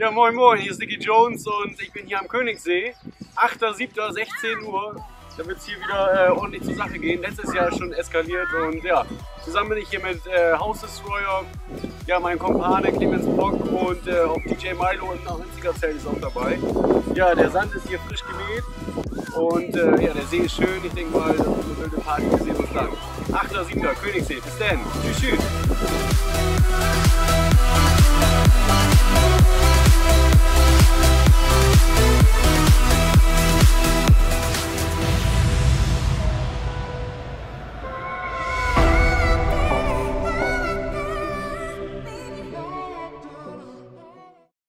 Ja, moin moin, hier ist Nicky Jones und ich bin hier am Königssee. 8.7.16 Uhr, damit es hier wieder äh, ordentlich zur Sache gehen. Letztes Jahr schon eskaliert und ja, zusammen bin ich hier mit äh, House Destroyer, ja, meinem Kompane Clemens Brock und äh, auch DJ Milo und auch Zelt ist auch dabei. Ja, der Sand ist hier frisch gemäht und äh, ja, der See ist schön. Ich denke mal, das ist eine wilde Party, wir sehen uns dann. 8.7. Königssee, bis dann. Tschüss, tschüss.